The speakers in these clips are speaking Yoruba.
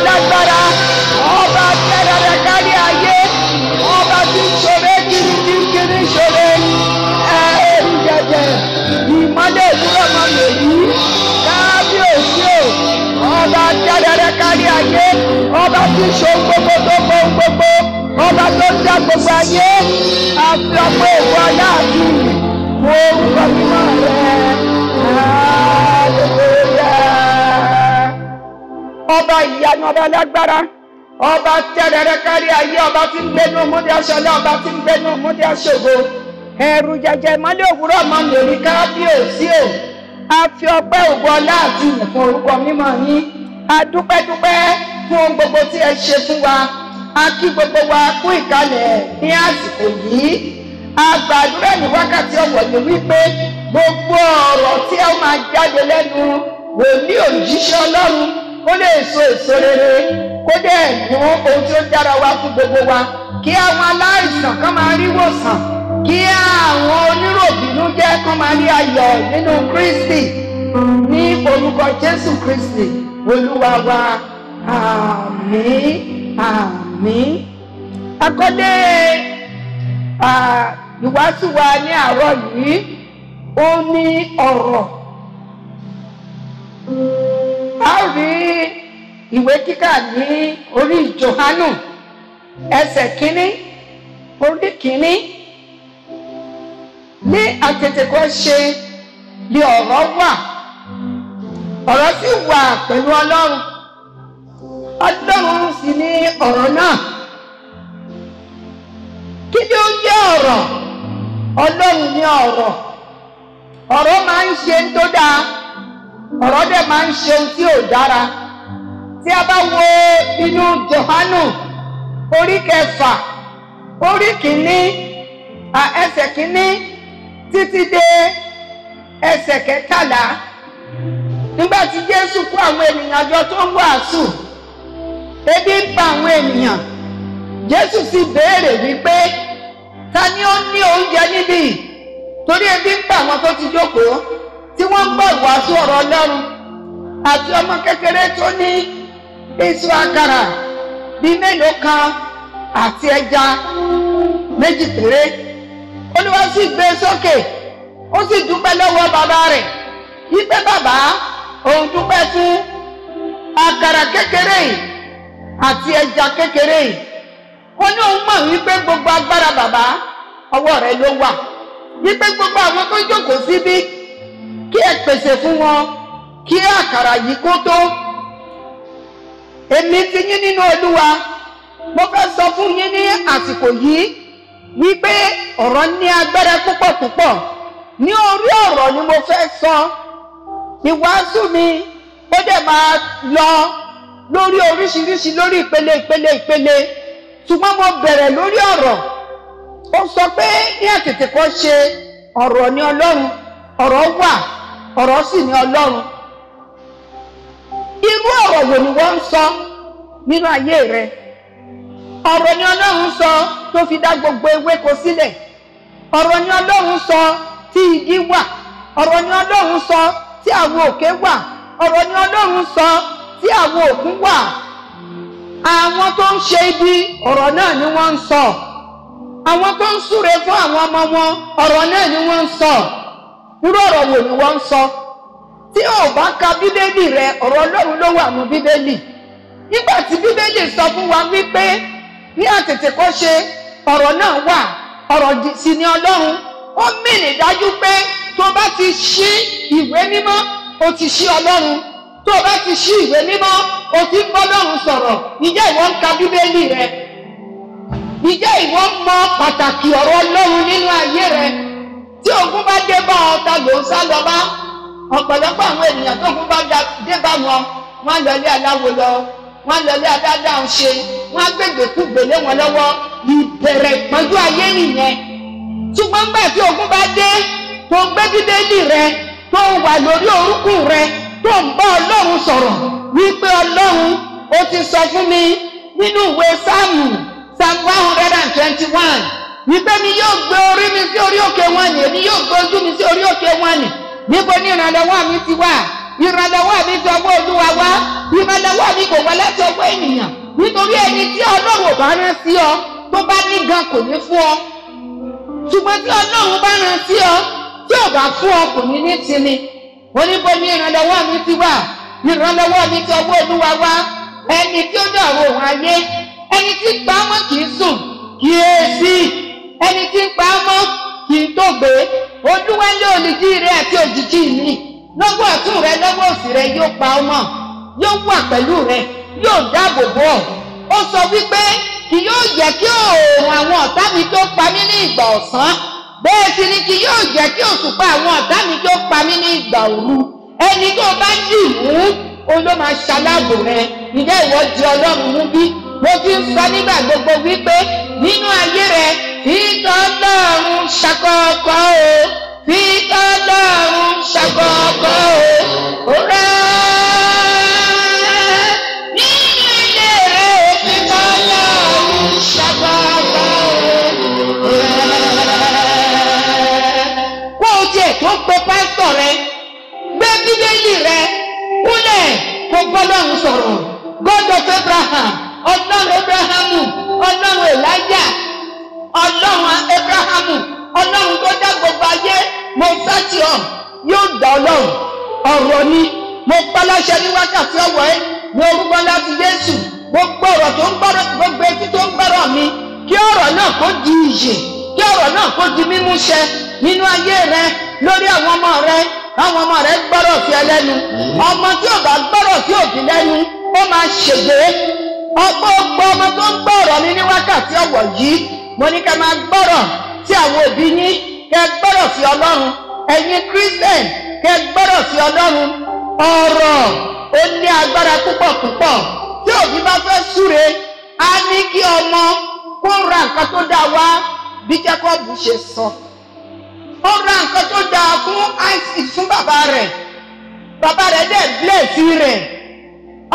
alágbára ọba kẹrẹrẹ kárí ayé ọba tí kiri kiri kiri ṣòro ẹ ẹrù jẹjẹ ìmọ̀lẹ̀ ìdúró mọ̀ lèyí kábíyèsí o ọba kẹrẹrẹ kárí ayé ọba tí ṣòro gbogbo gbogbo gbogbo ọba tó ń dá gbogbo ayé àfi ọpọ ìwọ aláàbí wo ọba ìyanu ọba lágbára ọba tẹ́lẹ̀rẹ́ kárí ayé ọba tí ń gbénú múdí aṣọlá ọba tí ń gbénú múdí aṣògo ẹ̀rù jẹjẹ mọ́lẹ̀ òwúrọ̀ máa ń lò ní kábíyèsí o a fi ọpẹ́ ògo ọlá àti ìfún orúkọ mímọ́ yín a dúpẹ́dúpẹ́ fún ohun gbogbo tí ẹ ṣe fún wa a kí gbogbo wa kú ìkàlẹ̀ ní àsìkò yìí a gbàdúrà ní wákàtí ọ̀wọ̀ ní wípé gbogbo ọ̀rọ̀ tí ẹ máa jáde lẹ́nu wòlíì òjíṣẹ́ ọlọ́run kó lè so èso rere kó dẹ̀ mú ohun tí ó dára wá fún gbogbo wa kí àwọn aláìsàn kan máa rí wòsàn kí àwọn oníròbìnú jẹ́ kan máa rí ayọ̀ nínú Kristi ní orúkọ Jésù Kristi olúwa wa àmín àmín akọ́lé ìwàásù wa ní àárọ̀ yìí ó ní ọ̀rọ̀. ìwé kíkà ní orí Jòhánù ẹsẹ̀ kínní orí kínní ní àtètèkọ́ ṣe ni ọ̀rọ̀ wà ọ̀rọ̀ sì wà pẹ̀lú Ọlọ́run Ọlọ́run sì ni ọ̀rọ̀ náà kí ni ó jẹ́ ọ̀rọ̀ Ọlọ́run ni ọ̀rọ̀ ọ̀rọ̀ máa ń ṣe ń tó dáa ọ̀rọ̀ dẹ̀ máa ń ṣe tí ò dára tí a bá wo inú Jòhánù orí kẹfà orí kìíní ẹsẹ̀ kìíní títí dé ẹsẹ̀ kẹtàlá nígbà tí Jésù kó àwọn ènìyàn jọ tó ń wàásù ebi ń pa àwọn ènìyàn Jésù sì béèrè wípé ta ni ó ní oúnjẹ níbí torí ebi ń pa àwọn tó ti jókòó tí wọ́n ń gbọ́ ìwàásù ọ̀rọ̀ Ọlọ́run àti ọmọ kékeré tó ní èso àkàrà bíi mélòó kan àti ẹja méjì péré olúwa sì gbé e sókè ó sì dúpẹ́ lọ́wọ́ bàbá rẹ̀ wípé bàbá òun dúpẹ́ fún àkàrà kékeré yìí àti ẹja kékeré yìí ó ní òun mọ̀ wípé gbogbo agbára bàbá ọwọ́ rẹ̀ ló wà wípé gbogbo àwọn tó jókòó síbí kí ẹ pèsè fún wọn kí àkàrà yìí kó tó èmi fi yín nínú olúwa mo fẹ́ sọ fún yín ní àsìkò yìí wípé ọ̀rọ̀ ní agbára púpọ̀ púpọ̀ ní orí ọ̀rọ̀ ni mo fẹ́ sọ ìwàásù mi ó dẹ̀ máa lọ lórí oríṣiríṣi lórí ìpele ìpele ìpele ṣùgbọ́n mo bẹ̀rẹ̀ lórí ọ̀rọ̀ ó sọ pé ní àtètè kan ṣe ọ̀rọ̀ ni ọlọ́run ọ̀rọ̀ wà ọ̀rọ̀ sì ni ọlọ́run irú ọ̀rọ̀ wo ni wọ́n ń sọ nínú ayé rẹ ọ̀rọ̀ ni ọlọ́run sọ tó fi dá gbogbo ewéko sílẹ̀ ọ̀rọ̀ ni ọlọ́run sọ tí igi wà ọ̀rọ̀ ni ọlọ́run sọ tí àwọn òkè wà ọ̀rọ̀ ni ọlọ́run sọ tí àwọn òkun wà àwọn tó ń ṣe ibi ọ̀rọ̀ náà ni wọ́n ń sọ àwọn tó ń súre fún àwọn ọmọ wọn ọ̀rọ̀ náà ni wọ́n ń sọ irú ọ̀rọ̀ wo ni wọ́n ń sọ. So tí o bá ka bíbélì rẹ ọ̀rọ̀ ọlọ́run ló wà nù bíbélì nígbà tí bíbélì sọ fún wa wípé ní àtètèkọ́ṣe ọ̀rọ̀ náà wà ọ̀rọ̀ sì ni ọlọ́run ó mìnì dájú pé tó bá ti ṣí ìwé mímọ́ o ti ṣí ọlọ́run tó o bá ti ṣí ìwé mímọ́ o ti ń bọ́lọ́run sọ̀rọ̀ ìjẹ́ ìwọ ń ka bíbélì rẹ ìjẹ́ ìwọ ń mọ pàtàkì ọ̀rọ̀ ọlọ́run nínú ayé rẹ tí ogun bá dé bá ọ ta sá lọ bá ọ̀pọ̀lọpọ̀ àwọn ènìyàn tó kún bá dé bá wọn wọ́n lọ ilé aláwo lọ wọ́n lọ ilé adáadáa ń ṣe wọ́n agbègbè kú gbèlé wọn lọ́wọ́ ìbẹ̀rẹ̀ ìpọ́njú ayé nìyẹn ṣùgbọ́n gbà tí ogun bá dé tó gbé bíbélì rẹ tó wà lórí orúnkún rẹ tó ń bá ọlọ́run sọ̀rọ̀ wípé ọlọ́run ó ti sọ fún mi nínú ìwé sáàmù psalm one hundred and twenty-one wípé mi yóò gbé orí mi sí orí òkè wọn ni èmi yóò gbé ojú mi sí orí òkè wọn ni níbo ni ìrànlọ́wọ́ mi ti wà ìrànlọ́wọ́ mi ti ọwọ́ olúwa wá ìrànlọ́wọ́ mi kò wá láti ọwọ́ ènìyàn nítorí ẹni tí ọlọ́run bá rán sí ọ tó bá ní gan kò ní fún ọ ṣùgbọ́n tí ọlọ́run bá rán sí ọ tí ò bá fún ọ kò ní ní tini oníbo ni ìrànlọ́wọ́ mi ti wà ìrànlọ́wọ́ mi ti ọwọ́ olúwa wá ẹni tí ó dàrú òun ayé ẹni tí pa á mọ́ kì í sùn kì í èsì ẹni tí pa á mọ́ kì í dògbé olúwẹlé olùjí rẹ àti òjìji mi lọ́wọ́ ọ̀tún rẹ lọ́wọ́ òsì rẹ yóò pa ọmọ yóò wà pẹ̀lú rẹ yóò dáàbò bò ọ́ ó sọ wípé kì yóò jẹ́ kí oòrùn àwọn ọ̀tá mi tó pa mí ní ìgbà ọ̀sán bẹ́ẹ̀ sì ni kì yóò jẹ́ kí òṣùpá àwọn ọ̀tá mi tó pa mí ní ìgbà òru ẹni tó bá dì mú òun ló máa ṣaláàbò rẹ ǹjẹ́ ìwọ di ọlọ́run mú bí mo ti ń sọ nígbà gbogbo wípé nínú ayé rẹ fìtọ́ lọ́run ṣàkọ́kọ́ o fìtọ́ lọ́run ṣàkọ́kọ́ o ó rẹ́. ọlọ́run Abraham, ọlọ́run tó dá gbogbo ayé mo fẹ́ tì ọ́ yóò gbà ọlọ́run ọ̀rọ̀ ni mo pálọ́ṣẹ ní wákàtí ọ̀wọ́ ẹ mo rúbọ láti Jésù gbogbo ọ̀rọ̀ tó ń gbọ́rọ̀ gbogbo etí tó ń gbọ́rọ̀ mi kí ọ̀rọ̀ náà kó di ìyè kí ọ̀rọ̀ náà kó di mímúṣẹ nínú ayé rẹ lórí àwọn ọmọ rẹ àwọn ọmọ rẹ gbọ́rọ̀ sí ẹ ọmọ tí ò gbọ́rọ̀ sí òbí lẹ́nu ó máa ṣègbè ọgbọ́n gbọ́ ọmọ tó ń gbọ́ ọ̀rọ̀ mi ní wákàtí ọ̀wọ̀ yìí mo ní kẹ́ máa gbọ́rọ̀ sí àwọn òbí yín kẹ́ gbọ́rọ̀ sí ọlọ́run ẹ̀yin christian kẹ́ gbọ́rọ̀ sí ọlọ́run ọ̀rọ̀ ó ní agbára púpọ̀ púpọ̀ tí òbí bá fẹ́ súre á ní kí ọmọ kó ra nǹkan tó dáa wá bí Jacob ṣe sọ ó ra nǹkan tó dáa fún Isaac fún bàbá rẹ̀ bàbá rẹ̀ dẹ̀ bílẹ̀sì rẹ̀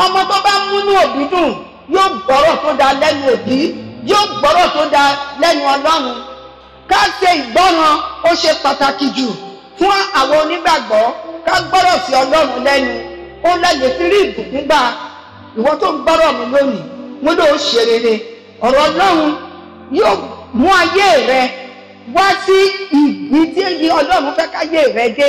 ọmọ tó bá múnú òbí dùn yóò gbọ́rọ̀ tó dáa lẹ́nu òbí yóò gbọ́rọ̀ tó dáa lẹ́nu ọlọ́run ká ṣe ìgbọ́ràn ó ṣe pàtàkì jù fún àwọn onígbàgbọ́ ká gbọ́rọ̀ sí ọlọ́run lẹ́nu ó lẹ́yìn fi rí ìbùkún gbà ìwọ tó ń gbọ́rọ̀ mi lónìí mo ló ń ṣe rere ọ̀rọ̀ ọlọ́run yóò mú ayé rẹ wá sí ìdí tí èyí ọlọ́run fẹ́ káyé rẹ dé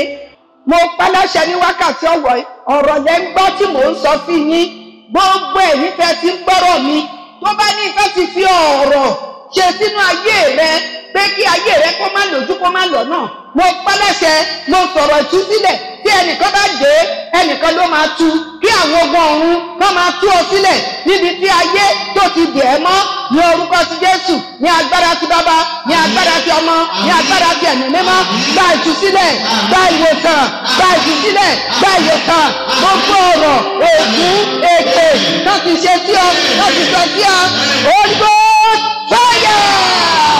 mo paláṣẹ ní wákàtí ọ̀wọ̀ ọ̀rọ̀ lẹ́ ń gbọ́ tí mò ń sọ sí yín gbogbo ẹ̀yin fẹ́ ti gbọ́rọ̀ mi tó bá ní ti fi ọ̀rọ̀ ṣe sínú ayé rẹ pé kí ayé rẹ kó má lójú kó má lọ́nà mo pálẹ́sẹ̀ mo sọ̀rọ̀ tú sílẹ̀ tí ẹnìkan bá dé ẹnìkan ló máa tú kí àwọn ogun ọ̀run kó máa tú ọ sílẹ̀ níbi tí ayé tó ti dè ẹ́ mọ́ ní orúkọ ti Jésù ní agbára ti bàbá ní agbára ti ọmọ ní agbára ti ẹ̀mí mímọ́ gba ìtúsílẹ̀ gba ìwòsàn gba ìtúsílẹ̀ gba ìwòsàn gbogbo ọ̀rọ̀ ògùn èké láti ṣe sí ọ láti sọ sí ọ olùkọ́ fáyà.